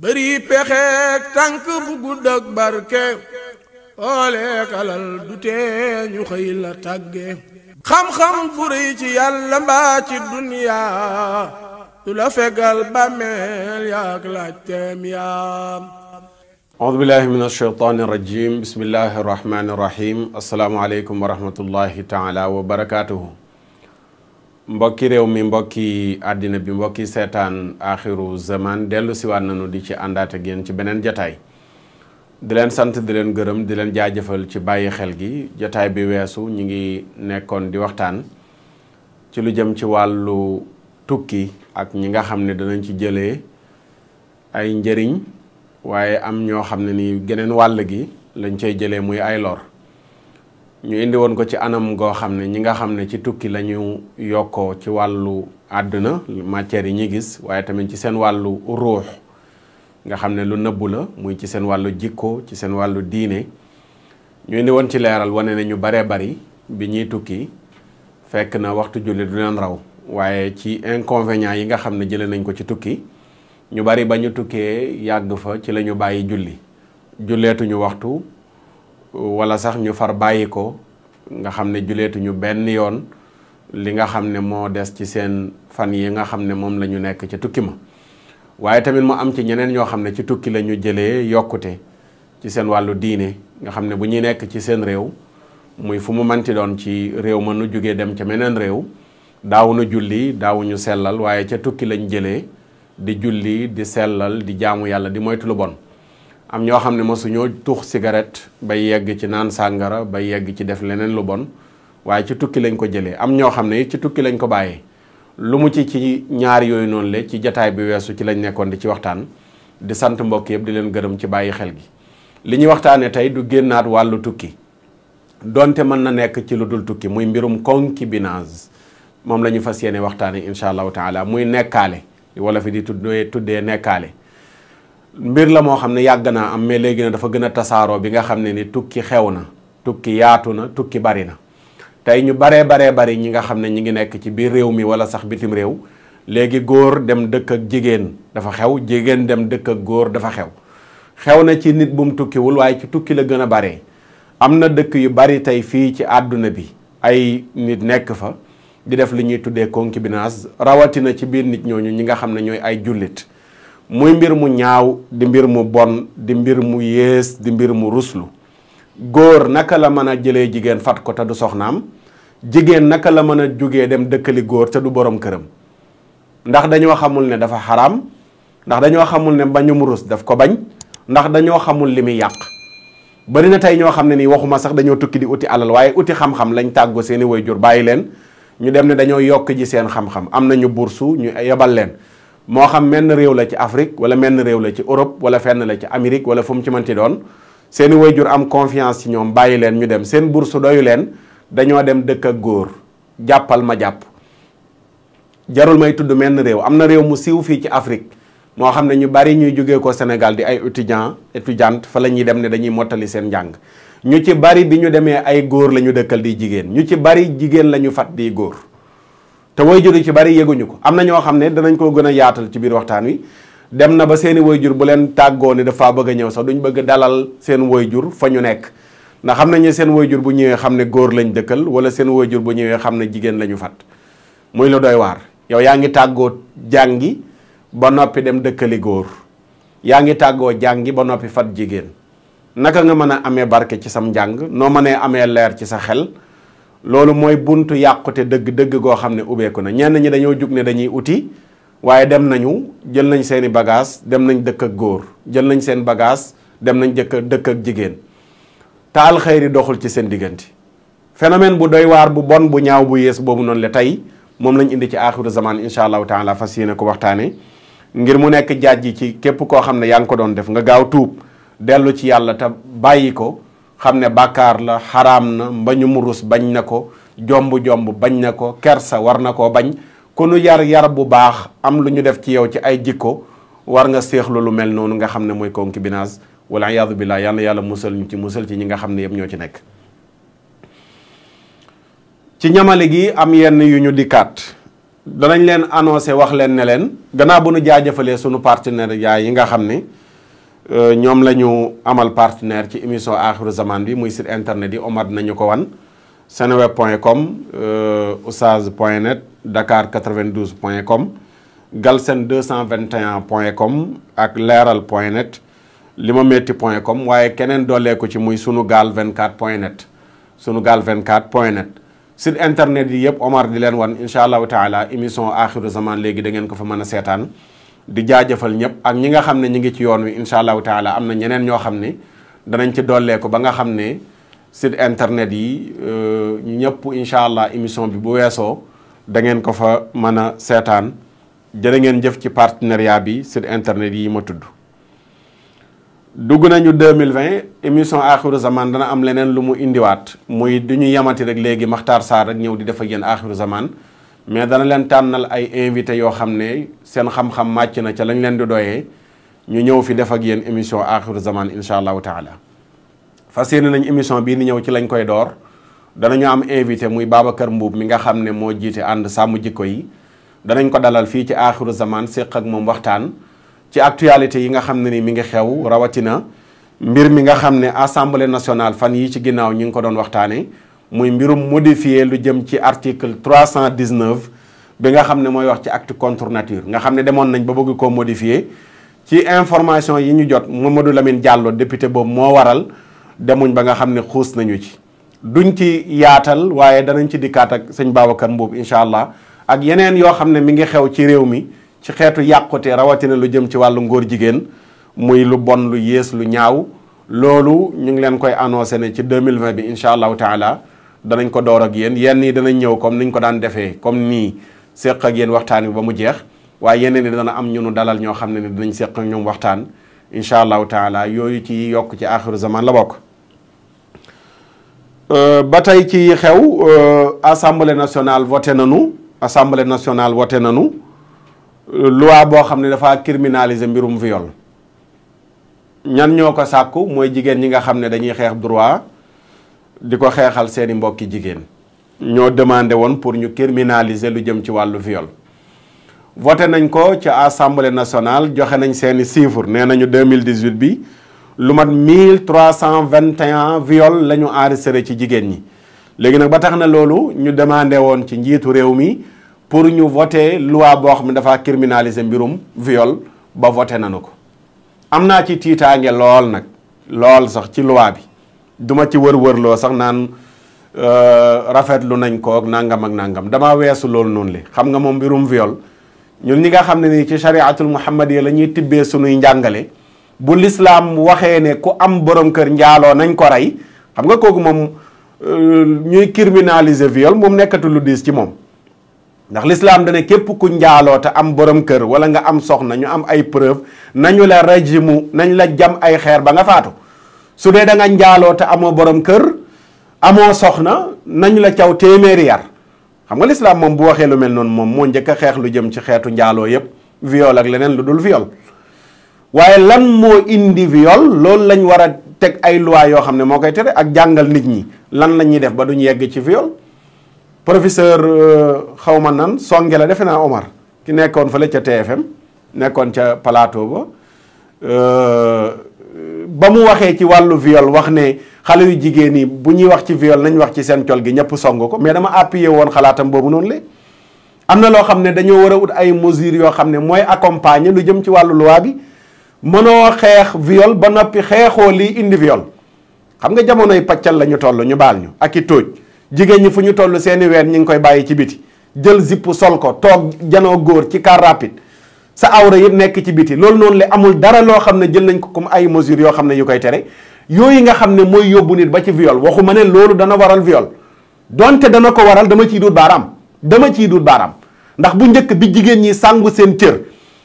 bari pexeek tànk bu gudd ak barke xooleek alal du tee ñu xam-xam bu rëy ci yàlla mbaa ci duniyaa du la fegal bàmmeel yaak laajteem yaam audu billahi min alsheytaani irajim bismillahi irrahmani irrahim asalaamualeykum wa rahmatullahi taala wa barakatuhu mbokki réew mi mbokki àddina bi mbokki seetaan axiru zaman dellu siwaat nañu di ci àndaat ak ci beneen jataay di leen sant di leen gërëm di leen jëfal ci bàyyi xel gi jataay bi weesu ñi ngi nekkoon di waxtaan ci lu jëm ci wàllu tukki ak ñi nga xam ne danañ ci jëlee ay njëriñ waaye am ñoo xam ne ni geneen wàll gi lañ cay jëlee muy ay lor ñu indi woon ko ci anam goo xam ne ñi nga xam ne ci tukki la ñu yokkoo ci wàllu àdduna matière yi ñi gis waaye tamit ci seen wàllu ruux nga xam ne lu nëbbu la muy ci seen wàllu jikkoo ci seen wàllu diine ñu indi woon ci leeral wane ne ñu baree bari bi ñuy tukki fekk na waxtu julli du leen raw waaye ci inconvénients yi nga xam ne jëlee nañ ko ci tukki ñu bari ba ñu tukkee yàgg fa ci la ñu bàyyi julli julleetuñu waxtu wala sax ñu far bàyyi ko nga xam ne juleetuñu benn yoon li nga xam ne moo des ci seen fan yi nga xam ne moom lañu nekk ca tukki ma waaye tamit mu am ci ñeneen ñoo xam ne ci tukki la ñu jëlee yokkute ci seen wàllu diine nga xam ne bu ñuy nekk ci seen réew muy fu mu manti doon ci réew ma nu jugee dem ca meneen réew daawuñu julli daawuñu sellal waaye ca tukki lañ jëlee di julli di sellal di jaamu yàlla di moytu lu bon am ñoo xam ne mosuñoo tuux cigarette ba yegg ci naan sàngara ba yegg ci def leneen lu bon waaye ci tukki lañ ko jëlee am ñoo xam ne ci tukki lañ ko bàyyi lu mu ci ci ñaar yooyu noonu le ci jataay bi weesu ci lañ nekkoon di ci waxtaan di sant mbokk yëpp di leen gërëm ci bàyyi xel gi li ñuy waxtaanee tey du génnaat wàllu tukki donte mën na nekk ci lu dul tukki muy mbirum concubinage moom la ñu fas yéene waxtaanee incha allahu taala muy nekkaale wala fi di tuddee tuddee nekkaale mbir la moo xam ne yàgg naa am mais léegi na dafa gën a tasaaroo bi nga xam ne ni tukki xew na tukki yaatu na tukki bari na tey ñu baree baree bari ñi nga xam ne ñi ngi nekk ci biir réew mi wala sax bitim réew léegi góor dem dëkk ak jigéen dafa xew jigéen dem dëkk ak góor dafa xew xew na ci nit bu mu tukkiwul waaye ci tukki la gën a baree am na dëkk yu bari tey fii ci àdduna bi ay nit nekk fa di def li ñuy tuddee concubinage rawatina ci biir nit ñooñu ñi nga xam ne ñooy ay jullit muy mbir mu ñaaw di mbir mu bon di mbir mu yées di mbir mu ruslu góor naka la mën a jëlee jigéen fat ko te du soxnaam jigéen naka la mën a jógee dem dëkkali góor te du borom këram ndax dañoo xamul ne dafa xaraam ndax dañoo xamul ne bañum rus daf ko bañ ndax dañoo xamul li muy yàq bari na tey ñoo xam ne nii waxuma sax dañoo tukki di uti alal waaye uti xam-xam lañ tàggoo seeni way jur bàyyi leen ñu dem ne dañoo yokk ji seen xam-xam am nañu bursu ñu yebal leen moo xam menn réew la ci Afrique wala menn réew la ci Europe wala fenn la ci Amérique wala fu mu ci mënti doon seeni wayjur am confiance ci ñoom bàyyi leen ñu dem seen bourse doyu leen dañoo dem dëkk ak góor jàppal ma jàpp jarul may tudd menn réew am na réew mu siiw fii ci Afrique moo xam ne ñu bari ñuy jógee ko Sénégal di ay étudiant étudiante fa la ñuy dem ne dañuy mottali seen njàng ñu ci bari bi ñu demee ay góor lañu dëkkal di jigéen ñu ci bari jigéen la ñu fat di góor te wayjur yi ci bari yëguñu ko am na ñoo xam ne danañ koo gën a yaatal ci biir waxtaan wi dem na ba seeni wayjur bu leen tàggoo ni dafa bëgg a ñëw sax duñ bëgg dalal seen wayjur fa ñu nekk ndax xam nañu seen wayjur bu ñëwee xam ne góor lañ dëkkal wala seen wayjur bu ñëwee xam ne jigéen la ñu fat muy la doy waar yow yaa ngi tàggoo jàngi ba noppi dem dëkkali góor yaa ngi tàggoo jàngi ba noppi fat jigéen naka nga mën a amee barke ci sam njàng noo mënee amee leer ci sa xel loolu mooy buntu yàqute dëgg-dëgg goo xam ne ubbeeku na ñenn ñi dañoo jug ne dañuy uti waaye dem nañu jël nañ seeni bagage dem nañ dëkk ak góor jël nañ seen bagage dem nañ jëkk dëkk ak jigéen taal xëyri doxul ci seen diggante phénomène bu doy waar bu bon bu ñaaw bu yées boobu noonu la tey moom lañ indi ci aaxiru zaman incha allahu taala fas yéene ko waxtaane ngir mu nekk jaaj ji ci képp koo xam ne yaa ngi ko doon def nga gaaw tuub dellu ci yàlla te bàyyi ko xam ne bàkkaar la xaraam na mbañu murus bañ na ko jomb-jomb bañ na ko kersa war na ko bañ ku nu yar yar bu baax am lu ñu def ci yow ci ay jikko war nga séexlu lu mel noonu nga xam ne mooy concubinage wala iyaadu billaah yàlla yàlla musal ñu ci musal ci ñi nga xam ne yëpp ñoo ci nekk ci ñamale gi am yenn yu ñu dikkaat danañ leen annoncé wax leen ne leen gannaaw bu nu jaajëfalee sunu partenaire yaay yi nga xam ne Euh, ñoom la ñu amal partenaire ci émission axiru zaman bi muy site internet yi omar nañu ko wan seneweb point com euh, oustaz point net dakar 92 point com galsen 221 point com ak leeral point net li ma metti point com waaye keneen dooleeku ci muy sunu gaal 24 point net sunu gaal 24 point net site internet yi yëpp omar di leen wan incha allahu taala émission axiru zaman léegi da ngeen ko fa mën a seetaan di jaajëfal ñëpp ak ñi nga xam ne ñi ngi ci yoon wi incha allahu taala am na ñeneen ñoo xam ne danañ ci dollee ba nga xam ne site internet yi euh, ñëpp incha allah émission bi bu weesoo da ngeen ko fa mën a seetaan jërë ngeen jëf ci partenariat bi site internet yi ma tudd. dugg nañu 2020 émission axiru zaman dana am leneen lu mu indiwaat muy du ñu yamati rek léegi Makhtar Sarr rek ñëw di def ak yéen axiru zaman. mais dana leen tànnal ay invité yoo xam ne seen xam-xam màcc na ca lañ leen di doyee ñu ñëw fi def ak yéen émission axiru zaman incha allahu taala fas yéene nañ émission bii ni ñëw ci lañ koy door danañu am invité muy kër Mbuub mi nga xam ne moo jiite ànd sàmm jikko yi danañ ko dalal fii ci axiru zaman séq ak moom waxtaan ci actualité yi nga xam ne ni mi ngi xew rawatina mbir mi nga xam ne assemblée nationale fan yi ci ginnaaw ñi ngi ko doon waxtaanee. muy mbirum modifier lu jëm ci article 319 bi nga xam ne mooy wax ci acte contre nature nga xam ne demoon nañ ba bëgg koo modifie ci information yi ñu jot Mamadou Lamine Diallo député boobu moo waral demuñ ba nga xam ne xuus nañu ci duñ ci yaatal waaye danañ ci dikkaat ak sëñ Babacar Mbuub incha allah ak yeneen yoo xam ne mi ngi xew ci réew mi ci xeetu yàqute rawatina lu jëm ci wàllu ngóor jigéen muy lu bon lu yées lu ñaaw loolu ñu ngi leen koy annoncé ne ci 2020 bi incha allahu taala danañ ko door ak yéen yenn yi danañ ñëw comme niñ ko daan defee comme nii seq ak yéen waxtaan wi ba mu jeex waaye yeneen yi dana am ñunu dalal ñoo xam ne ni danañ seq ak ñoom waxtaan incha allahu taala yooyu ci yokk ci axiru zaman la bokk. Euh, ba tey ci xew euh, assemblée national voté nanu assemblée national voté nanu euh, loi boo xam ne dafa criminaliser mbirum viol ñan ñoo ko sàkku mooy jigéen ñi nga xam ne dañuy xeex droit. di ko xeexal seeni mbokki jigéen ñoo demandé woon pour ñu criminaliser lu jëm ci wàllu viol voté nañ ko ci assemblée nationale joxe nañ seeni chiffres nee nañu 2018 bi lu mat 1321 viol la ñu enregistré ci jigéen ñi léegi nag ba tax na loolu ñu demandé woon ci njiitu réew mi pour ñu voté loi boo xam ne dafa criminaliser mbirum viol ba voté nañu ko am naa ci tiitaange lool nag lool sax ci loi bi duma ci wër loo sax naan euh, rafetlu nañ ko ak nangam ak nangam damaa weesu loolu noonu li xam nga moom mbirum viol ñun ñi nga xam ne nii ci chariatul muhammadiya la ñuy tibbee sunuy njàngale bu lislaam waxee ne ku am borom kër njaaloo nañ ko rey xam nga kooku moom euh, ñuy criminaliser viol moom nekkatu lu diis ci moom ndax lislaam dana képp ku njaaloo te am borom kër wala nga am sox nañu am ay preuve nañu la rajimu nañ la jam ay xeer ba nga faatu su dee da njaaloo te amoo borom kër amoo soxna nañ la caw téeméeri yar xam nga lislaam moom bu waxee lu mel noonu moom moo njëkk xeexlu jëm ci xeetu njaaloo yépp viol ak leneen lu dul viol waaye lan moo indi viol loolu lañ war a teg ay loi yoo xam ne moo koy tere ak jàngal nit ñi lan la ñuy def ba duñ yegg ci viol professeur euh, xawma nan songe la defe naa Omar ki nekkoon fële ca TFM nekkoon ca plateau ba euh, ba mu waxee ci wàllu viol wax ne xale yu jigéen yi bu ñuy wax ci viol nañ wax ci seen col gi ñëpp song ko mais dama appuyé woon xalaatam boobu noonu la am na loo xam ne dañoo war a ut ay mesures yoo xam ne mooy accompagner lu jëm ci wàllu loi bi mënoo xeex viol ba noppi xeexoo lii indi viol xam nga jamonoy paccal la ñu toll ñu baal ñu ak i tóoj jigéen ñi fu ñu toll seeni ween ñu ngi koy bàyyi ci biti jël zipp sol ko toog janoo góor ci car rapide sa awra yëpp nekk ci biti loolu noonu la amul dara loo xam ne jël nañ ko comme ay mesures yoo xam ne yu koy tere yooyu nga xam ne mooy yóbbu nit ba ci viol waxu ma ne loolu dana waral viol donte dana ko waral dama ciy duut baaraam dama ciy duut baaraam ndax bu njëkk bi jigéen ñi sàngu seen cër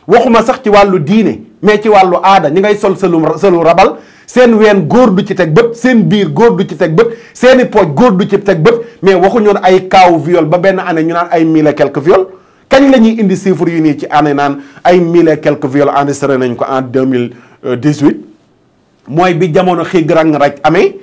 waxuma sax ci wàllu diine mais ci wàllu aada ñi ngay sol sëlu sëlu rabal seen ween góor du ci teg bët seen biir góor du ci teg bët seeni pooj góor du ci teg bët mais waxuñu ay kaawu viol ba benn année ñu naan ay mille et kañ la ñuy indi chiffres yu nii ci année naan ay mile et quelques viols enregistré nañ ko en deux mille euh, dix huit mooy bi jamono xii grand raj amee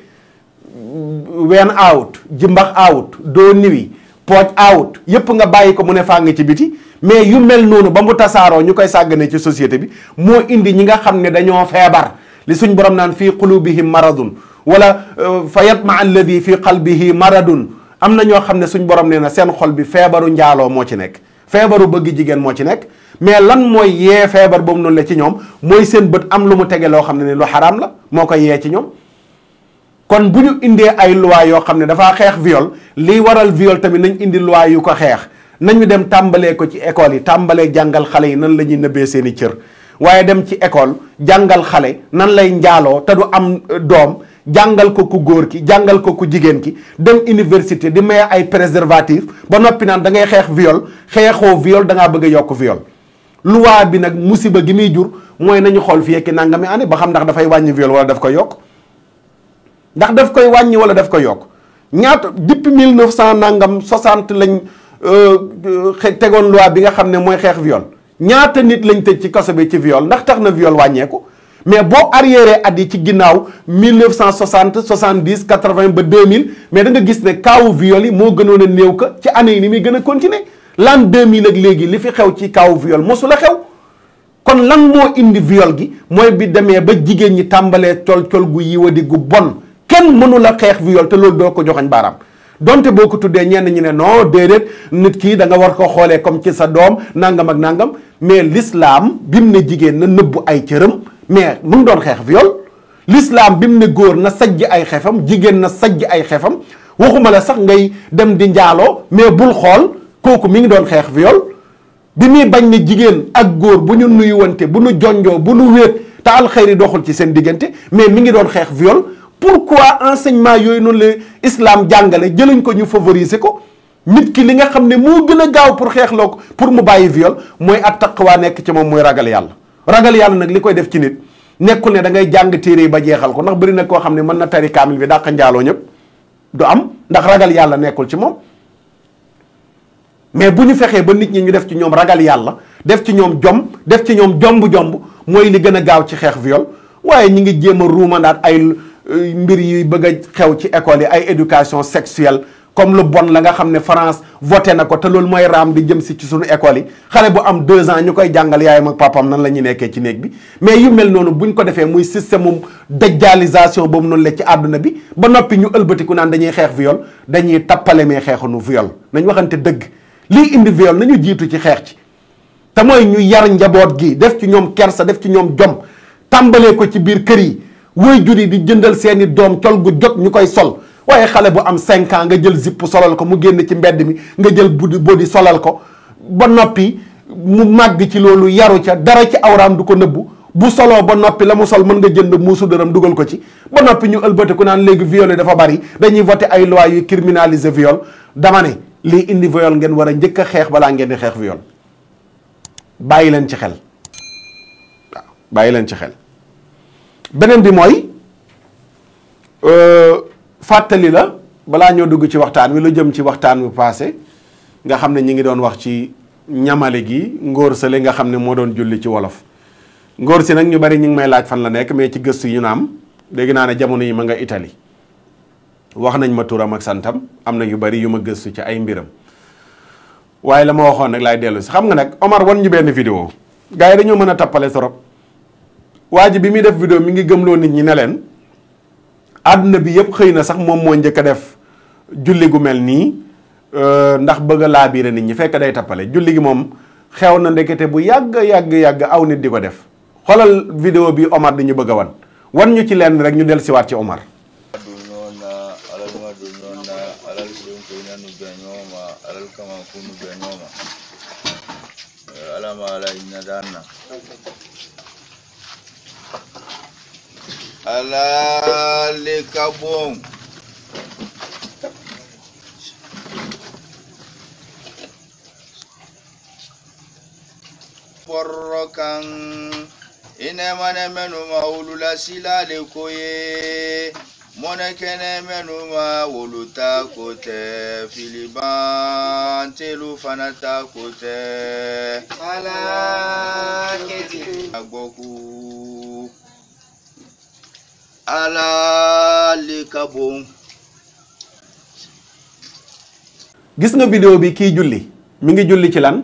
ween out jimbax out doo niwi pooj out yëpp nga bàyyi ko mu ne faa nga ci biti mais yu mel noonu ba mu tasaaroo ñu koy sàgganee ci société bi moo indi ñi nga xam ne dañoo feebar li suñ borom naan fii qulubihim maradun wala euh, fa yatma alladi fii qalbihi maradun am na ñoo xam ne suñ borom nee na seen xol bi feebaru njaaloo moo ci nekk feebaru bëgg jigéen moo ci nekk mais lan mooy yee feebar boobu noonu la ci ñoom mooy seen bët am lu mu tege loo xam ne ni lu xaraam la moo ko yee ci ñoom kon bu ñu indee ay loi yoo xam ne dafaa xeex viol lii waral viol tamit nañ indi loi yu ko xeex nañu dem tàmbalee ko ci école yi tàmbalee jàngal xale yi nan la ñuy nëbbee seen i cër waaye dem ci école jàngal xale nan lay njaaloo te du am euh, doom jàngal ko ku góor ki jàngal ko ku jigéen ki dem université di maye ay préservatif ba noppi naan da ngay xeex viol xeexoo viol da bëgg a yokk viol loi bi nag musiba gi muy jur mooy nañu xool fi fii ak nangami année ba xam ndax dafay wàññi viol wala daf ko yokk ndax daf koy wàññi wala daf ko yokk ñaata depuis mille neuf cent nangam soixante lañ euh, euh, tegoon loi bi nga xam ne mooy xeex viol ñaata nit lañ tëj ci kaso bi ci viol ndax tax na viol wàññeeku mais boo arriéré at yi ci ginnaaw 1960 70 80 ba 2000 mais da nga gis ne kaawu viol yi moo gënoon a néew ka ci année yi ni muy gën a continuer l'an mil ak léegi li fi xew ci kaawu viol mosula xew kon lan moo indi viol gi mooy bi demee ba jigéen ñi tàmbalee col col gu di gu bon kenn mënu la xeex viol te loolu doo ko joxañ baaraam donte boo ko tuddee ñenn ñi ne non déedéet nit kii da nga war ko xoolee comme ci sa doom nangam ak nangam mais l'islam bim ne jigéen na nëbbu ay cëram mais mu ngi doon xeex viol l'islam bi mu ne góor na sajj ay xefam jigéen na sajj ay xefam waxuma la sax ngay dem di njaaloo mais bul xool kooku mi ngi doon xeex viol bi muy bañ ne jigéen ak góor bu ñu nuyuwante bu ñu jonjoo bu ñu wéet te alxayri doxul ci seen diggante mais mi ngi doon xeex viol pourquoi enseignement yooyu noonu la islam jàngale jëlañ ko ñu favoriser ko nit ki li nga xam ne moo gën a gaaw pour xeexloo ko pour mu bàyyi viol mooy at taqwa nekk ci moom muy ragal yàlla ragal yàlla nag li koy def ci nit nekkul ne da ngay jàng téere yi ba jeexal ko ndax bari na koo xam ne mën na tari kaamil bi dàq njaaloo ñëpp du am ndax ragal yàlla nekkul ci moom mais bu ñu fexee ba nit ñi ñu def ci ñoom ragal yàlla def ci ñoom jom def ci ñoom jomb-jomb mooy li gën a gaaw ci xeex viol waaye ñi ngi jéem a ruumandaat ay mbir yuy bëgg a xew ci école yi ay éducation sexuelle comme lu bon la nga xam ne France voté na ko te loolu mooy raam bi jëm si ci suñu école yi xale bu am deux ans ñu koy jàngal yaayam ak papaam na la ñuy nekkee ci néeg bi mais yu mel noonu buñ ko defee muy système mu dajjaalisation boobu noonu la ci àdduna bi ba noppi ñu ëlbatiku naan dañuy xeex viol dañuy tappale mais xeexunu viol nañu waxante dëgg lii indi viol nañu jiitu ci xeex ci te mooy ñu yar njaboot gi def ci ñoom kersa def ci ñoom jom tàmbalee ko ci biir kër yi waajur yi di jëndal seeni doom col gu jot ñu koy sol waaye xale bu am cinquant nga jël zipp solal ko mu génn ci mbedd mi nga jël budi bodi solal ko ba noppi mu màgg ci loolu yaru ca dara ci awraam du ko nëbbu bu soloo ba noppi la mu sol mën nga jënd muusu dërëm dugal ko ci ba noppi ñu ëlbatiku naan léegi viol yi dafa bari dañuy voté ay loi yu criminaliser viol dama ne lii indi viol ngeen war a njëkk a xeex balaa ngeen di xeex viol leen ci xel waaw bàyyi leen ci xel beneen bi mooy. Euh, fàttali la balaa ñoo dugg ci waxtaan wi lu jëm ci waxtaan wi passé nga xam ne ñu ngi doon wax ci ñamale gi ngóor sale nga xam ne moo doon julli ci wolof ngóor si nag ñu bari ñu ngi may laaj fan la nekk mais ci gëstu yu na am naa ne jamono yi ma nga Italie wax nañ ma turam ak santam am na yu bari yu ma gëstu ci ay mbiram waaye la ma waxoon nag laay dellu si xam nga nag Omar wan ñu benn vidéo gars yi dañoo mën a tappale trop waa bi muy def vidéo mi ngi gëmloo nit ñi ne leen àdduna bi yëpp xëy na sax moom moo njëkk a def julli gu mel nii ndax bëgg a laabiire nit ñi fekk day tappale julli gi moom xew na ndekete bu yàgg yàgg yàgg aw nit di ko def xoolal vidéo bi Omar di ñu bëgg a wan wan ñu ci lenn rek ñu del siwaat ci Omar alal halalika bom porro kan ine mane menu ma wulula silale koye mone kene menu ma wolu ta ko tɛ filiban telu fana ta ko tɛ ala kete agbɔku alaali gis nga vidéo bi kii julli mi ngi julli ci lan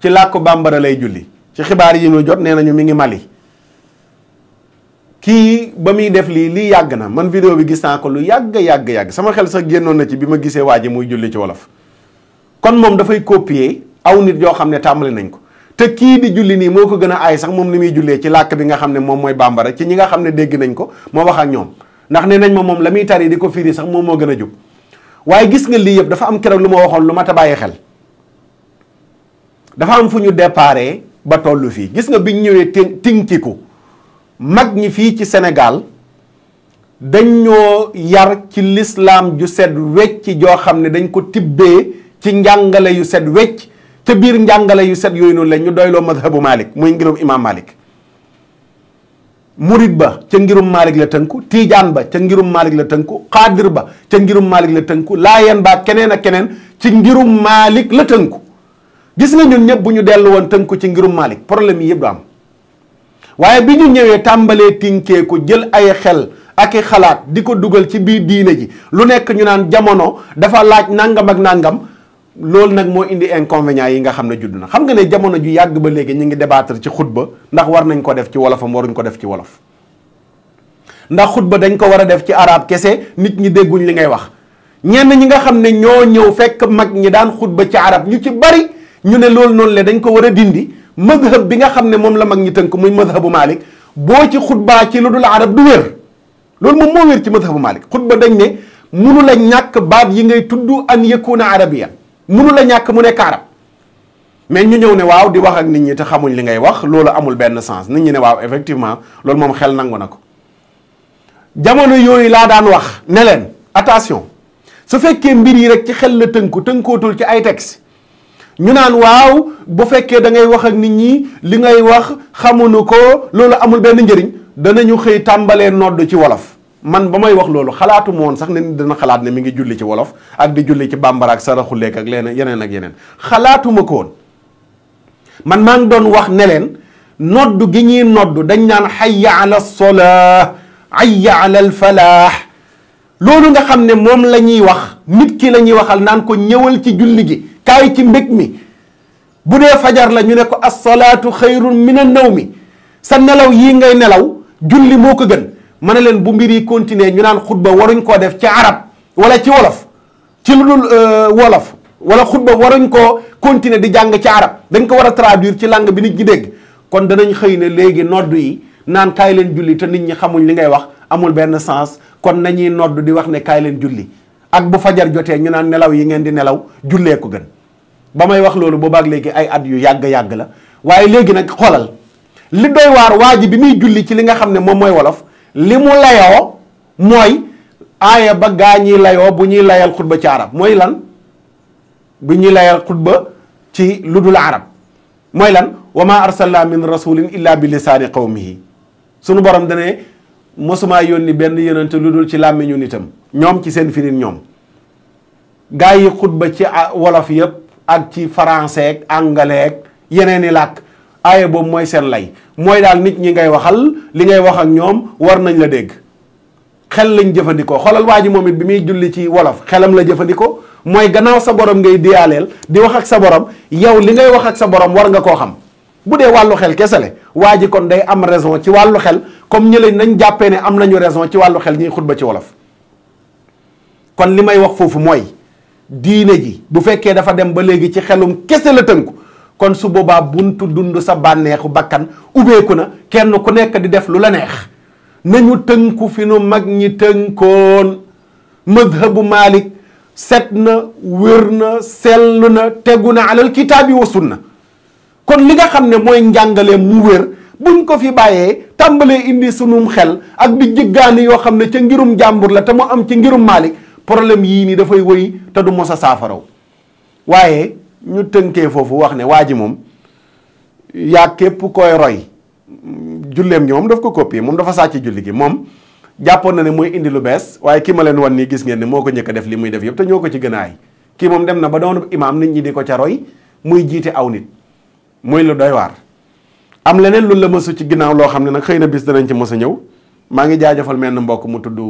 ci làkku bambara lay julli ci xibaar yi mu jot nee nañu mi ngi Mali kii ba muy def lii lii yàgg na man vidéo bi gis naa ko lu yàgg yàgg yàgg sama xel sax génnoon na ci bi ma gisee waa ji muy julli ci wolof kon moom dafay copier aw nit yoo xam ne tàmbali nañ ko te kii di julli nii moo ko gën a ay sax moom li muy jullee ci làkk bi nga xam ne moom mooy bambara ci ñi nga xam ne dégg nañ ko moo wax ak ñoom ndax ne nañ ma moom la muy tari di ko firi sax moom moo gën a jub waaye gis nga lii yëpp dafa am keroog lu ma waxoon lu ma ta bàyyi xel dafa am fu ñu déparé ba tollu fii gis nga biñ ñëwee tinkiku mag ñi fii ci senegal dañ ñoo yar ci lislaam ju set wecc joo xam ne dañ ko tibbee ci njàngale yu set wecc te biir njàngale yu set yooyu noonu lañ ñu doyloo madhabu Malik muy ngirum imam Malik murid ba ca ngirum Malik la tënku tiijaan ba ca ngirum Malik la tënku xaadir ba ca ngirum Malik la tënku laayeen ba keneen ak keneen ci ngirum Malik la tënku gis nga ñun ñëpp bu ñu dellu woon tënku ci ngirum Malik problème yi yëpp du am waaye bi ñu ñëwee tàmbalee tinkee ko jël ay xel ak i xalaat di ko dugal ci biir diine ji lu nekk ñu naan jamono dafa laaj nangam ak nangam. loolu nag moo indi inconvénients yi nga xam ne judd na xam nga ne jamono ju yàgg ba léegi ñu ngi debaatar ci xutba ndax war nañ ko def ci wolofam waruñ ko def ci wolof ndax xutba dañ ko war a def ci arab kese nit ñi dégguñ li ngay wax ñenn ñi nga xam ne ñoo ñëw fekk mag ñi daan xutba ci arab ñu ci bari ñu ne loolu noonu le dañ ko war a dindi madhab bi nga xam ne moom la mag ñi tënk muy madhabu Malik boo ci xutbaa ci lu dul arab du wér loolu moom moo wér ci madhabu Malik xutba dañ ne munu la ñàkk baat yi ngay tudd an yakuna arabiyan mënu la ñàkk mu ne kaaram mais ñu ñëw ne waaw di wax ak nit ñi te xamuñ li ngay wax loolu amul benn sens nit ñi ne waaw effectivement loolu moom xel nangu na ko jamono yooyu laa daan wax ne leen attention su fekkee mbir yi rek ci xel la tënku tënkootul ci ay tex ñu naan waaw bu fekkee da ngay wax ak nit ñi li ngay wax xamuñu ko loolu amul benn njëriñ danañu xëy tàmbalee nodd ci wolof man ba may wax loolu xalaatuma woon sax ne dina xalaat ne mi ngi julli ci wolof ak di julli ci bambara ak saraxuleeg ak yeneen ak yeneen xalaatuma koon man maa ngi doon wax ne leen noddu gi ñuy noddu dañ naan xayya ala solaa ayya ala al falaax loolu nga xam ne moom lañuy wax nit ki lañuy waxal naan ko ñëwal ci julli gi kaay ci mbég mi bu dee fajar la ñu ne ko assalaatu xayrun min an nawmi sa nelaw yii ngay nelaw julli moo ko gën ma ne leen bu mbir yi continuer ñu naan xutba waruñ koo def ci arab wala ci wolof ci lu dul euh, wolof wala xutba waruñ koo continuer di jàng ci arab dañ ko war a traduire ci langue bi nit ñi dégg kon danañ xëy ne léegi noddu yi naan kaay leen julli te nit ñi xamuñ li ngay wax amul benn sens kon nañuy noddu di wax ne kaay leen julli ak bu fajar jotee ñu naan nelaw yi ngeen di nelaw jullee ko gën ba may wax loolu boobaak léegi ay at yu yàgg-yàgg la waaye léegi nag xoolal li doy waar waa ji bi muy julli ci li nga xam ne moom mooy wolof li mu layoo mooy aaya ba gaa ñiy layoo bu ñuy layal xutba ci arab mooy lan bu ñuy layal xutba ci lu dul arab mooy lan wa ma arsalna min rasulin illa bi lisaani qawmihi sunu borom dane mosumaa yónni benn yonente lu dul ci làmmiñu nitam ñoom ci seen firin ñoom gaa yi xutba ci wolof yëpp ak ci français ak yeneeni làkk aaye boobu mooy seen lay mooy daal nit ñi ngay waxal li ngay wax ak ñoom war nañ la dégg xel lañ jëfandikoo xoolal waa ji moom it bi muy julli ci wolof xelam la jëfandikoo mooy gannaaw sa borom ngay diyaaleel di wax ak sa borom yow li ngay wax ak sa borom war nga koo xam bu dee wàllu xel kese la waa ji kon day am raison ci wàllu xel comme ñi lañ nañ jàppee ne am nañu raison ci wàllu xel ñuy xutba ci wolof kon li may wax foofu mooy diine ji bu fekkee dafa dem ba léegi ci xelum kese la tënku kon su boobaa buntu dund sa bànneexu bakkan ubbeeku na kenn ku nekk di def lu la neex nañu tënku fi nu mag ñi tënkoon madhabu Malik set na wér na sell na tegu na alal kitaabi wasul na kon li nga xam ne mooy njàngaleem mu wér buñ ko fi bàyyee tàmbalee indi sunum xel ak di jëggaani yoo xam ne ca ngirum jàmbur la te mu am ci ngirum Malik problème yii nii dafay wëy te du mos a saafaraw waaye ñu tënkee foofu wax ne waa ji moom yaa képp koy roy julleem gi moom daf ko copier moom dafa sàcc julli gi moom jàppoon na ne mooy indi lu bees waaye kii ma leen wan nii gis ngeen ne moo ko njëkk def li muy def yëpp te ko ci gën aay moom dem na ba doon imaam nit ñi di ko ca muy jiite aw nit muy lu doy waar. am leneen lu la mësu ci ginnaaw loo xam ne nag xëy na bis danañ ci mës a ñëw maa ngi jaajëfal menn mbokk mu tudd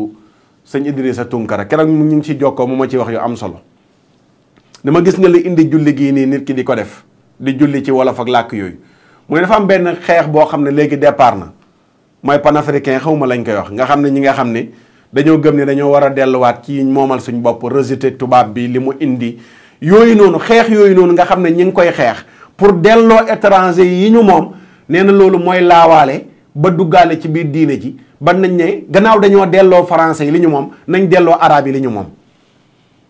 sëñ Idrissa Tunkara mu ñu ngi ciy jokkoo mu ma ci wax yu am solo. dama gis nga la indi julli gii nii nit ki di ko def di julli ci wolof ak làkk yooyu mu ne dafa am benn xeex boo xam ne léegi départ na mooy panafricain ma lañ koy wax nga xam ne ñi nga xam ne dañoo gëm ne dañoo war a delluwaat ci moomal suñ bopp rejeté tubaab bi li mu indi yooyu noonu xeex yooyu noonu nga xam ne ñi ngi koy xeex pour delloo étranger yi ñu moom nee na loolu mooy laawaale ba duggaale ci biir diine ji ba nañ ne gannaaw dañoo delloo français yi li ñu moom nañ delloo arabe yi li ñu moom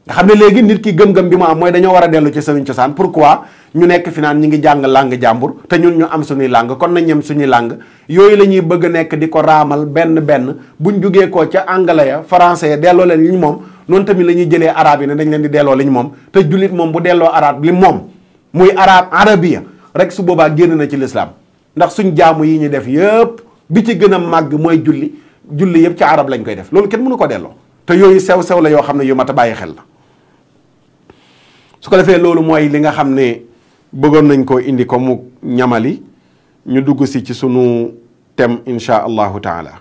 xam ne léegi nit ki gëm-gëm bi mu am mooy dañoo war a dellu ci suñu cosaan pourquoi ñu nekk fi naan ñi ngi jàng langue jàmbur te ñun am suñuy langue kon nañ ñem suñuy langue yooyu la ñuy bëgg a nekk di ko raamal benn benn buñ jugee ko ca anglais ya français delloo leen li ñu moom noonu tamit la ñuy jëlee arabe yi ne dañ leen di delloo li moom te jullit moom bu delloo arabe li moom muy arabe arabia rek su boobaa génn na ci lislaam ndax suñ jaamu yi ñu def yëpp bi ci gën a màgg mooy julli julli yëpp arab lañ koy def loolu kenn mënu ko delloo te yooyu sew-sew la yoo xam ne yu mat bàyyi xel la su ko defee loolu mooy li nga xam ne bëggoon nañ koo indi ko mu ñamali ñu dugg si ci sunu tem insha allahu taala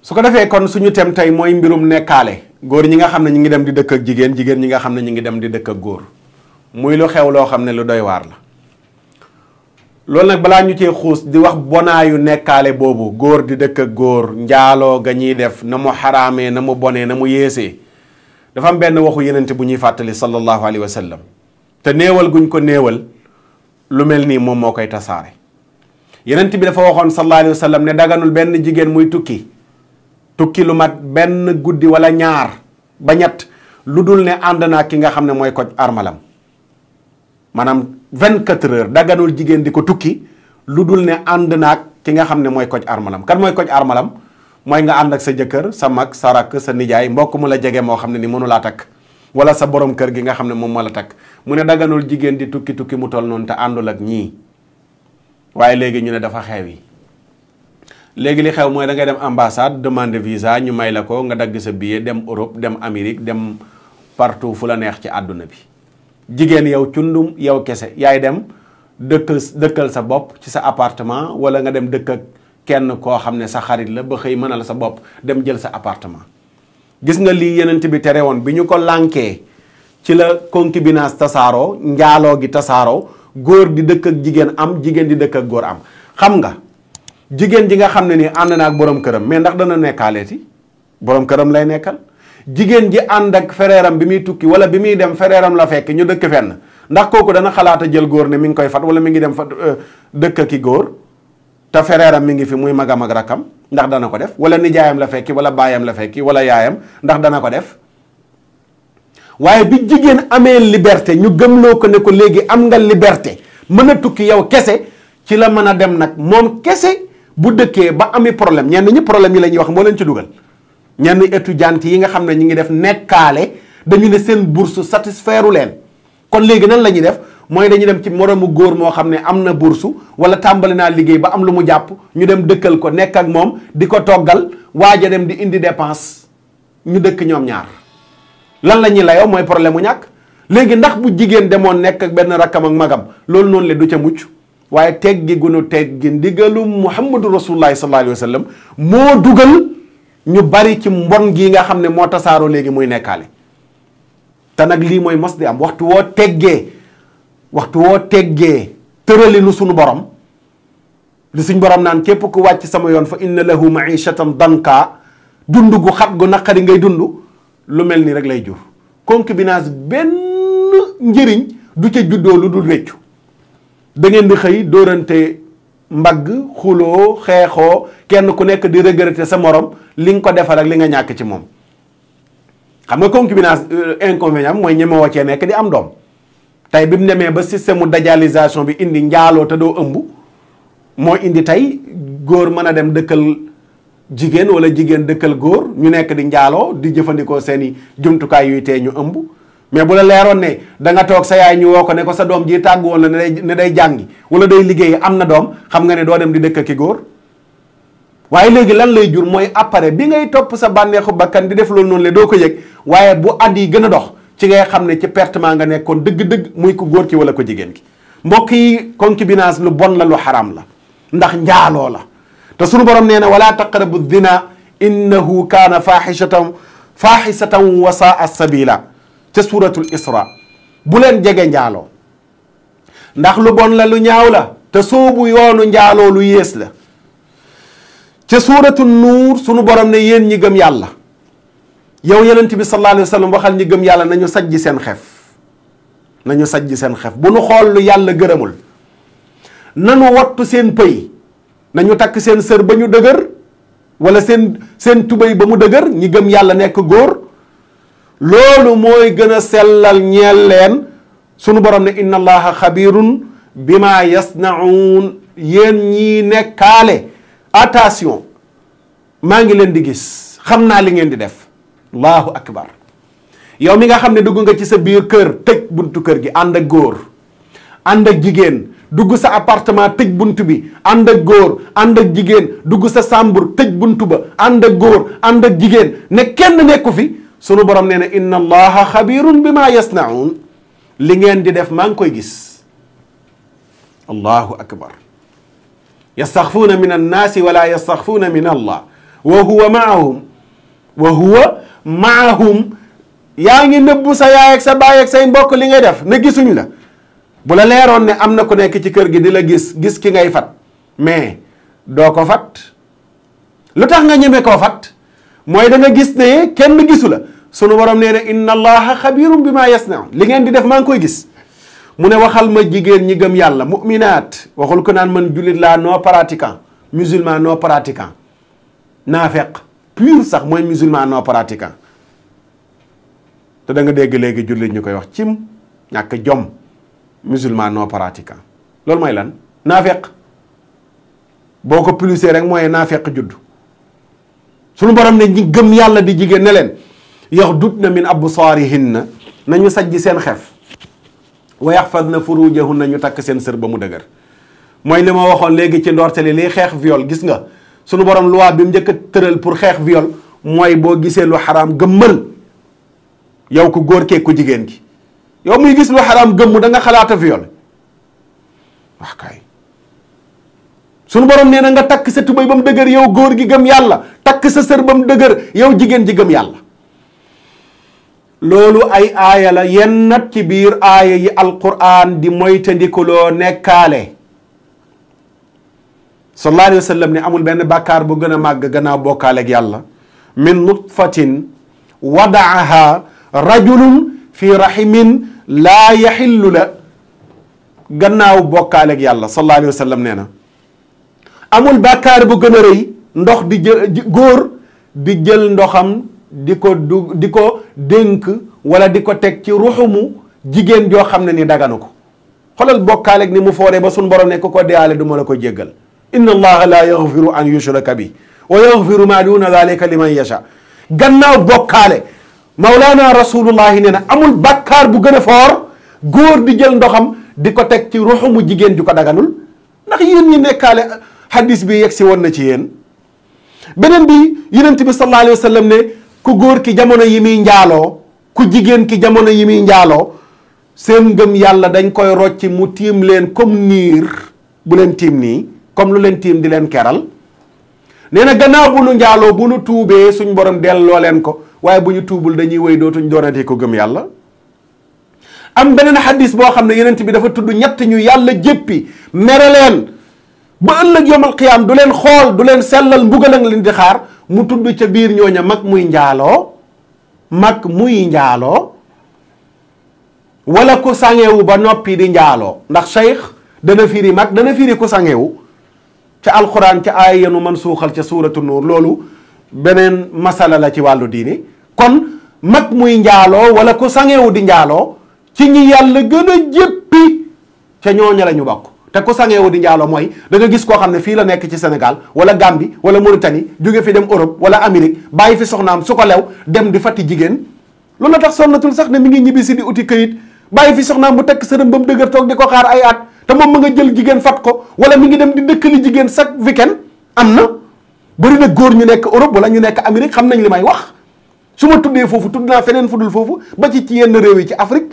su ko defee kon suñu tem tey mooy mbirum nekkaale góor ñi nga xam ne ñu ngi dem di dëkk ak jigéen jigéen ñi nga xam ne ñu ngi dem di dëkk ak góor muy lu xew loo xam ne lu doy waar la loolu nag balaa ñu cee xuus di wax bonaayu nekkaale boobu góor di dëkk góor njaaloo ga ñuy def na mu xaramee na mu bonee na mu yéesee dafa benn waxu yenente bu ñuy fàttali sallallahu alayhi wa sallam te néewal guñ ko néewal lu mel nii moom moo koy tasaare yenent bi dafa waxoon sallallahu alayhi wa ne daganul benn jigéen muy tukki tukki lu mat benn guddi wala ñaar ba ñett lu dul ne ànd ki nga xam ne mooy ko armalam maanaam 24 heures daganul jigéen di ko tukki lu dul ne ànd naag ki nga xam ne mooy koj armalam kan mooy koj armalam mooy nga ànd ak sa jëkkër sa mag sa rakk sa nijaay mbokk mu la jege moo xam ne ni mënu takk wala sa borom kër gi nga xam ne moom ma la takk mu ne daganul jigéen di tukki tukki mu toll noonu te àndul ak ñii waaye léegi ñu ne dafa xew yi léegi li xew mooy da ngay dem ambassade demande visa ñu may la ko nga dagg sa billet dem Europe dem Amérique dem partout fu la neex ci àdduna bi jigéen yow cundum yow kese yaay dem dëkkal dëkkal sa bopp ci sa appartement wala nga dem dëkk kenn koo xam ne sa xarit la ba xëy mënal sa bopp dem jël sa appartement gis nga lii yenent bi tere woon bi ñu ko lànkee ci la concubinage tasaaroo njaaloo gi tasaaroo góor di dëkk ak jigéen am jigéen di dëkk ak góor am xam nga jigéen ji nga xam ne ni ànd na ak borom këram mais ndax dana nekkaaleeti borom këram lay nekkal jigéen ji ànd ak fereeram bi muy tukki wala bi muy dem fereeram la fekk ñu dëkk fenn ndax kooku dana xalaat a jël góor ne mi ngi koy fat wala mi ngi dem fa euh, dëkk góor te fereeram mi ngi fi muy maga ak rakkam ndax dana ko def wala nijaayam la fekki wala baayam la fekki wala yaayam ndax dana ko def waaye bi jigéen amee liberté ñu gëmloo ko ne ko léegi am nga liberté mën a tukki yow kese ci la mën a dem nag moom kese bu dëkkee ba ami problème ñenn ñi problème yi la ñuy wax moo leen ci dugal ñenn étudiant yi nga xam ne ñu ngi def nekkaale dañu ne seen bourse satisfaire leen kon léegi nan la ñuy def mooy dañu dem ci moroomu góor moo xam ne am na bursu wala tàmbali naa liggéey ba am lu mu jàpp ñu dem dëkkal ko nekk ak moom di ko toggal waaja dem di indi dépense ñu dëkk ñoom ñaar lan lañuy ñuy layoo mooy problème mu ñàkk léegi ndax bu jigéen demoon nekk ak benn rakkam ak magam loolu noonu le du ca mucc waaye teggi gunu teggi ndigalu muhammadu rasulullahi sallallahu alayhi wa sallam moo dugal ñu bari ci mbon gi nga xam ne moo tasaaroo léegi muy nekkaale te nag lii mooy mos di am waxtu woo teggee waxtu woo teggee tëralinu sunu borom li suñ borom naan képp ku wàcc sama yoon fa inna lahu maishatan danka dund gu xat gu naqari ngay dund lu mel nii rek lay jur concubinage benn njëriñ du ca juddoo lu dul réccu da ngeen di xëy dóorante mbagg xuloo xeexoo kenn ku nekk di regretter sa morom li nga ko defar ak li nga ñàkk ci moom xam nga concubinage euh, inconvénient mooy ñemewoo cee nekk di am doom tey bi mu demee ba système mu dajalisation bi indi njaaloo te doo ëmb moo indi tey góor mën a dem dëkkal jigéen wala jigéen dëkkal góor ñu nekk di njaaloo di jëfandikoo seen i jumtukaay yuy tee ñu ëmb mais bu la leeroon ne da nga toog sa yaay ñu woo ko ne ko sa doom ji tàggu woon la ne day ne day jàngi wala day liggéey am na doom xam nga ne doo dem di dëkk ki góor waaye léegi lan lay jur mooy appareil bi ngay topp sa bànneexu bakkan di def loolu noonu la doo ko yëg waaye bu at gën a dox ci ngay xam ne ci pertement nga nekkoon dëgg-dëgg muy ku góor ki wala ko jigéen ki mbokk yi concubinage lu bon la lu xaram la ndax njaaloo la te sunu borom nee na wala taqrabu zina innahu kaana faaxisatan faaxisatan wa saa sabila ca suratul isra bu leen jege njaalo ndax lu bon la lu ñaaw la te soobu yoonu njaaloo lu yées la ca suratul nuur sunu borom ne yéen ñi gëm yàlla yow yonent bi sallallahu alayhi wa sallam waxal ñi gëm yàlla nañu sajji seen xef nañu sajji seen xef bu nu xool yàlla gërëmul nanu wattu seen pëy nañu takk seen sër ba ñu dëgër wala seen seen tubéy ba mu dëgër ñi gëm yàlla nekk góor loolu mooy gën a sellal ñeel leen sunu borom ne inna allaha xabirun bima yasnaun yéen ñii nekkaale attention maa ngi leen di gis xam naa li ngeen di def allahu akbar yow mi nga xam ne dugg nga ci sa biir kër tëj buntu kër gi ànd ak góor ànd ak jigéen dugg sa appartement tëj bunt bi ànd ak góor ànd ak jigéen dugg sa sàmbur tëj bunt ba ànd ak góor ànd ak jigéen ne kenn nekku fi sunu borom nee na inna allaha xabirun bi ma yasnaun li ngeen di def maa ngi koy gis allahu akbar yastaxfuuna min annaasi wala yastaxfuuna min allah wa huwa maahum wa huwa maahum yaa ngi nëbbu sa yaay ak sa baay ak say mbokk li ngay def ne gisuñ la bu la leeroon ne am na ku nekk ci kër gi di la gis gis ki ngay fat mais doo ko fat lu tax nga ñeme koo fat mooy da nga gis ne kenn gisu la sunu borom nee na inna allaha xabirum bi maa yasnau li ngeen di def maa ngi koy gis mu ne waxal ma jigéen ñi gëm yàlla mu'minaat waxul ko naan man jullit laa non pratiquant musulman non pratiquant naafeq pur sax mooy musulman non pratiquant te da nga dégg léegi jullit ñu koy wax cim ñàkk jom musulman non pratiquant loolu mooy lan naafeq boo ko plusee rek mooy naafeq judd suñu borom ne ñi gëm yàlla di jigéen ne leen yax dut na yi na absaarihinna nañu sajj seen xef wa yaxfadna na ñu takk seen sër ba mu dëgër mooy ni ma waxoon léegi ci ndoorte ndoorteli liy xeex viol gis nga sunu borom loi bi mu njëkk a pour xeex viol mooy boo gisee lu xaraam gëmmal yow ku góor kee ku jigéen gi yow muy gis lu xaraam gëmm danga nga xalaata viol sunu borom nee na nga takk sa tubéy ba dëgër yow góor gi gëm yàlla takk sa sër ba dëgër yow jigéen ji gëm yàlla loolu ay aaya la yennat ci biir aaya yi alquran di loo nekkaale sallallahu alayhi wa ne amul benn bàkkaar bu gën a màgg gannaaw bokkaale ak yàlla min nutfatin wadaaha rajulun fi rahimin laa yaxillu la gannaaw bokkaale yàlla sallallahu alayhi nee na amul bàkkaar bu gën a rëy ndox di jël góor di jël ndoxam di ko du di ko dénk wala di ko teg ci ruxumu jigéen joo xam ne ni daganu ko xoolal bokkaale ak ni mu fooree ba suñ borom ne ku ko deyaale du ma la ko jéggal inna allaha la yaxfiru an yushraka bi wa yaxfiru ma duna dalika liman yasha gannaaw bokkaale maulana rasulullahi nee na amul bàkkaar bu gën a foor góor di jël ndoxam di ko teg ci ruxu mu jigéen ju ko daganul ndax yéen ñi nekkaale hadis bi yegg si woon na ci yéen beneen bi yonent bi sallallahu alayhi wa sallam ne ku góor ki jamono yi muy njaaloo ku jigéen ki jamono yi muy njaaloo seen ngëm yàlla dañ koy rocc mu tiim leen comme niir bu leen tiim nii comme lu leen tiim di leen keral nee na gannaaw bu nu njaaloo bu nu tuubee suñ boroom delloo leen ko waaye bu ñu tuubul dañuy wéy dootuñ doonatee ko gëm yàlla am beneen xadis boo xam ne yenent bi dafa tudd ñett ñu yàlla jéppi mere leen ba ëllëg yomal xiyaam du leen xool du leen sellal mbugal ak leen di xaar mu tudd ca biir ñooña mag muy njaaloo mag muy njaaloo wala ku sangewu ba noppi di njaaloo ndax cheikh dana firi mag dana firi ku sangewu ca alxuraan ca aaya yenu man suuxal ca suuratu nuur loolu beneen masala la ci wàllu diine kon mag muy njaaloo wala ku sangewu di njaaloo ci ñi yàlla gën a jéppi ca ñooña la ñu bokk te ku sangewu di njaaloo mooy da nga gis koo xam ne fii la nekk ci Sénégal wala Gambie wala Mauritanie jóge fi dem Europe wala Amérique bàyyi fi soxnaam su ko lew dem di fatti jigéen loolu la tax sonnatul sax ne mu ngi ñibbi si di uti kayit bàyyi fi soxnaam bu tekk sërëm ba mu dëgër toog di ko xaar ay at te moom ma nga jël jigéen fat ko wala mi ngi dem di dëkkali jigéen chaque weekend am na bëri na góor ñu nekk Europe wala ñu nekk Amérique xam nañ li may wax su ma tuddee foofu tudd naa feneen fudul foofu ba ci ci yenn réew yi ci Afrique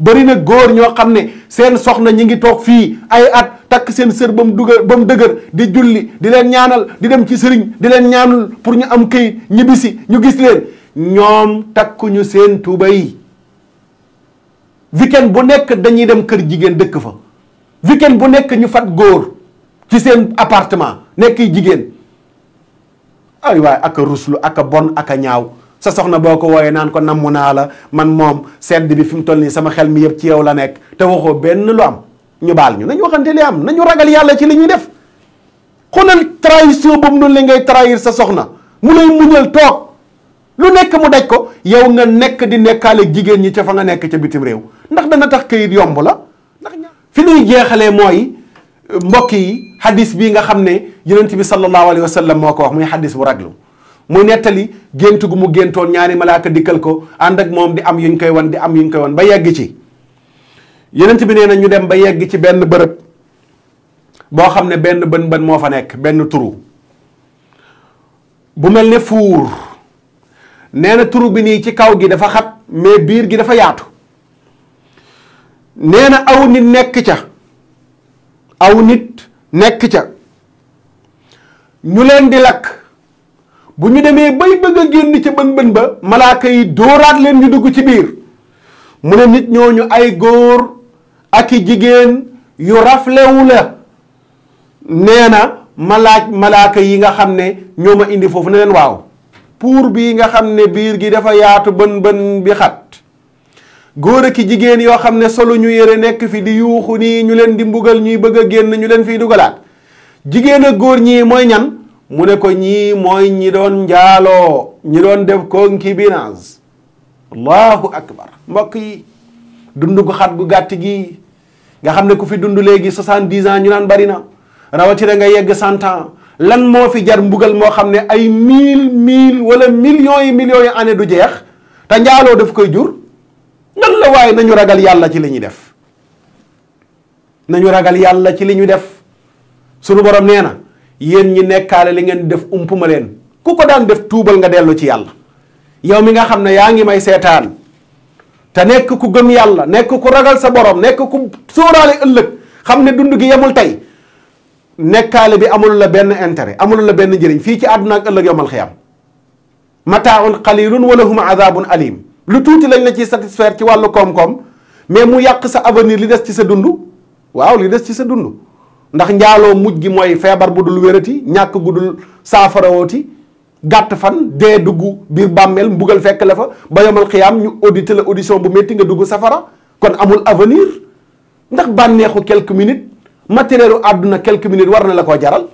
bëri na góor ñoo xam ne seen soxna ñi ngi toog fii ay at takk seen sër ba mu dugal ba mu dëgër di julli di leen ñaanal di dem ci sëriñ di leen ñaanal pour ñu am këyit ñibbisi ñu gis leen ñoom takkuñu seen tuba yi weekend bu nekk dañuy dem kër jigéen dëkk fa weekend bu nekk ñu fat góor ci seen appartement nekk jigéen ay waay ak a ruslu ak bon ak a ñaaw sa soxna boo ko wooyee naan ko namm naa la man moom sedd bi fi mu toll nii sama xel mi yëpp ci yow la nekk te waxoo benn lu am ñu baal ñu nañu waxante li am nañu ragal yàlla ci li ñuy def xoolal trahison boobu noonu la ngay trahir sa soxna mu lay muñal toog lu nekk mu daj ko yow nga nekk di nekkaale jigéen ñi ca fa nga nekk ca bitim réew ndax dana tax kayit yomb la fi nuy jeexalee mooy mbokk yi xadis bii nga xam ne yonent bi sallallahu alayhi wa sallam moo ko wax muy xadis bu raglu mu nettali gént gu mu géntoon ñaari malaaka dikkal ko ànd ak moom di am yuñ koy wan di am yuñ koy wan ba yegg ci yeneent bi nee na ñu dem ba yegg ci benn bërëb boo xam ne benn bën bën moo fa nekk benn turu bu mel ne fuur nee na turu bi nii ci kaw gi dafa xat mais biir gi dafa yaatu nee na aw nit nekk ca aw nit nekk ca ñu leen di lakk bu ñu demee bay bëgg a génn ca bën bën ba malaaka yi dóoraat leen ñu dugg ci biir mu ne nit ñooñu ay góor ak i jigéen yu raflewu la nee na ma laaj malaaka yi nga xam ne ñoo ma indi foofu ne leen waaw pour bii nga xam ne biir gi dafa yaatu bën bën bi xat góor ak i jigéen yoo xam ne solo ñu yére nekk fi di yuuxu nii ñu leen di mbugal ñuy bëgg a génn ñu leen fiy dugalaat jigéen ak góor ñii mooy ñan mu ne ko ñii mooy ñi doon njaaloo ñi doon def concubinage allahu akbar mbokk yi dund gu xat gu gàtt gi nga xam ne ku fi dund léegi soixante-dix ans ñu naan bari na rawatina nga yegg cent lan moo fi jar mbugal moo xam ne ay mille mille wala millions yi millions yi année du jeex te njaaloo daf koy jur nan la waaye nañu ragal yàlla ci li def nañu ragal yàlla ci li ñu def sunu borom nee na yéen ñi nekkaale li ngeen def umpuma leen ku ko daan def tuubal nga dellu ci yàlla yow mi nga xam ne yaa ngi may seetaan te nekk ku gëm yàlla nekk ku ragal sa borom nekk ku sóoraale ëllëg xam ne dund gi yemul tey nekkaale bi amul la benn intérêt amul la benn njëriñ fii ci àdduna ak ëllëg yomal xiyam mataaun qalilun wa lahum azabun alim lu tuuti lañ la ciy satisfaire ci wàllu koom-koom mais mu yàq sa avenir li des ci sa dund waaw li des ci sa dund ndax njaaloo mujj gi mooy feebar bu dul wérati ñàkk gu dul saafarawooti gàtt fan dee dugg biir bàmmeel mbugal fekk la fa ba yomal xiyaam ñu audité la audition bu métti nga dugg safara kon amul avenir ndax bànneexu quelques minutes matérielu àdduna quelques minutes war na la koo jaral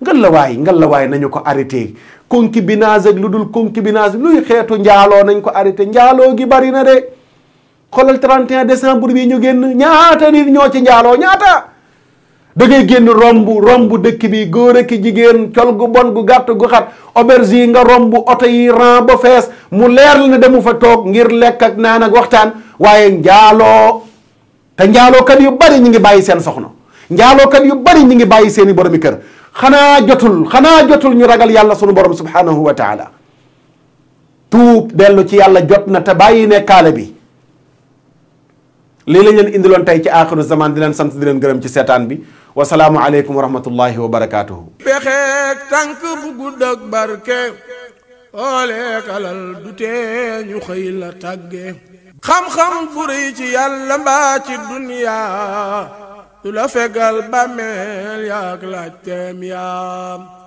ngallaawaay ngallaawaay nañu ko arrêté concubinage ak lu dul concubinage luy xeetu njaaloo nañ ko arrêté njaaloo gi bari na de xoolal 31 décembre bii ñu génn ñaata nit ñoo ci njaaloo ñaata. da ngay génn romb romb dëkk bi góor ak jigéen col gu bon gu gàtt gu xat auberge nga romb oto yi ran ba fees mu leer la ne demu fa toog ngir lekk ak naan ak waxtaan waaye njaaloo te njaalookat yu bari ñu ngi bàyyi seen soxna njaalookat yu bari ñu ngi bàyyi seeni boromi kër. xanaa jotul xanaa jotul ñu ragal yàlla sunu borom subhanahu wa taala tuub dellu ci yàlla jot na te bàyyi ne kaale bi lii lañ leen indiloon tey ci aaxiru zaman di leen sant di leen gërëm ci seetaan bi wasalaamu aleykum wa rahmatullahi wa barakaatuhu. pexeeg tànk alal du ñu xëy la xam-xam bu ci yàlla mbaa ci duniyaa. du la fegal bàmmeel yaak laaj teem yaam